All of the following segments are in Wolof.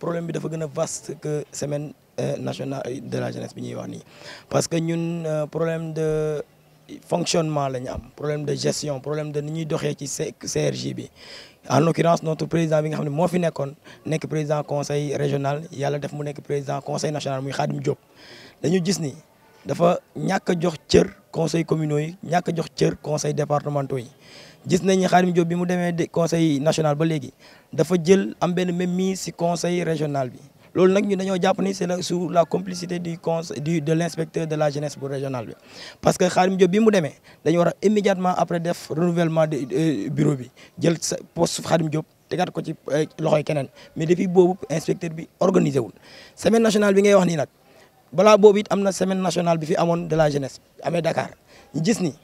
problème est dafa vaste que semaine euh, nationale euh, de la jeunesse Parce que nous avons un problème de fonctionnement problème de gestion problème de ni CRJ en l'occurrence notre président bi nga le président du conseil régional il def mu le président conseil national Khadim Diop dañu gis dafa ñàkk a jox cër conseil communal, yi ñàkk jox cër conseil départemental. yi gis nañ ni Khadim Diop bi mu demee conseil national ba léegi dafa jël am benn même mise ci conseil régional bi loolu nag ñu dañoo jàpp ni c'est la sous la complicité du de l'inspecteur de la jeunesse bu régional bi parce que Khadim Diop bi mu demee dañu war a immédiatement après def renouvellement de bureau bi jël sa poste Khadim Diop tegaat ko ci euh, loxoy keneen mais depuis boobu inspecteur bi organisé wul semaine nationale bi ngay wax nii nag bala bobit it semaine nationale bi fi amone de la jeunesse amé Dakar ñu gis ni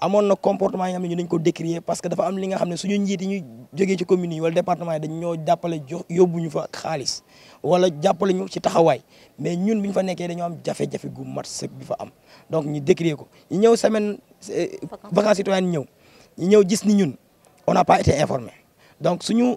amone na comportement yi amni ñu dañ ko décrier parce que dafa am li nga xamné suñu njit yi ñuy ci commune wala département dañ ñoo jappalé jox yóbbu ñu fa xaalis wala jàppale ñu ci taxaway mais ñun bi fa nekkee dañu am jafé jafé gu mat sëg bi fa am donc ñu décrier ko ñu ñew semaine euh, vacances citoyennes ñew ñu ñëw gis ni ñun on n'a pas été informé donc suñu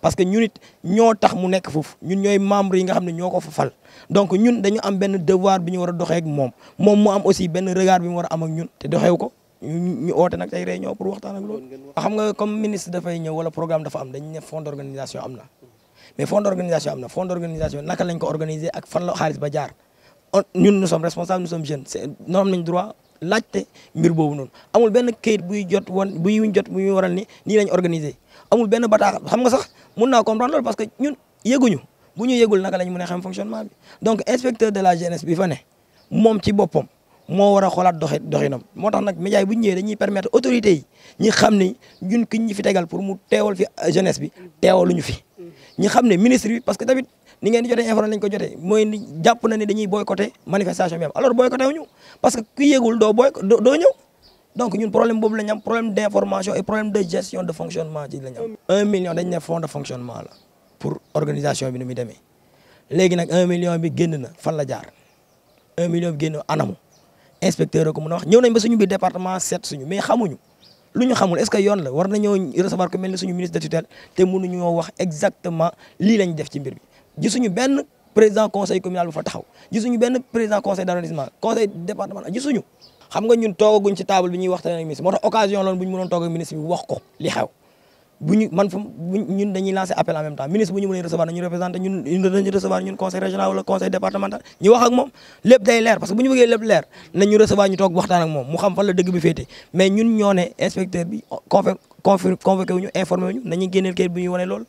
parce que ñun ñoo tax mu nekk foofu ñun ñooy membre yi nga xam ne ñoo ko fa fal donc ñun dañu am benn devoir bi ñu war a moom moom mu am aussi benn regard bi mu war a am ak ñun te doxewu ñu oote nag ay réunion pour waxtaan ak loolu. xam nga comme ministre dafay ñëw wala programme dafa am dañu ne fond d' am na mais fond d' am na fond d' organisation lañ ko organiser ak fan la xaalis ba ñun nous sommes responsables laajte mbir boobu noonu amul benn kayit buy jot woon buy wuñ jot buy waral ni nii lañ organiser amul benn bataaxal xam nga sax mun naa comprendre loolu parce que ñun yëguñu bu ñu yëgul naka lañ mën a xam bi donc inspecteur de la jeunesse bi fa ne moom ci boppam moo war a xoolaat doxi doxinam moo tax nag médias yi bu ñu ñëwee dañuy permettre autorités yi ñi xam ni ñun ki ñu fi tegal pour mu teewal fi jeunesse bi teewaluñu fi ñu xamné ne ministre bi parce que tamit ni ngeen di jotee information lañ ko jotee moy ni japp na ni dañuy boycotter manifestation bi alors boycotter wuñu parce que ku yëgul do boy do ñëw donc ñun problème bobu la ñu am problème d'information et problème de gestion de fonctionnement ci la ñu am. un million dañ né fonds de fonctionnement la pour organisation bi nu muy demee léegi nag un million bi génn na fan la jaar 1 million bi génn anamu inspecteur ko mun wax ñëw nañ ba suñu bi département seet suñu mais xamuñu. lu ñu xamul est-ce que yoon la war nañoo recevoir ku mel ministre de tutelle te mënuñoo wax exactement lii lañ def bi gisuñu benn président conseil communal bu fa taxaw gisuñu benn président conseil d'arrondissement conseil départemental gisuñu xam nga ñun toogaguñ ci table bi ñuy waxtaan ak ministre moo tax occasion loon bu ministre bi wax ko li bu ñu man ñun dañuy lancer appel en même ministre bu ñu mënee recevoir nañu représenté ñun dañu recevoir ñun conseil régional wala conseil départemental ñu wax moom lépp day leer parce que bu ñu bëggee lépp leer nañu recevoir ñu toog waxtaan moom mu xam fan dëgg bi féete mais ñun ñoo ne inspecteur bi convoqué wu ñu informé wu ñu nañu génneel bu ñuy wane loolu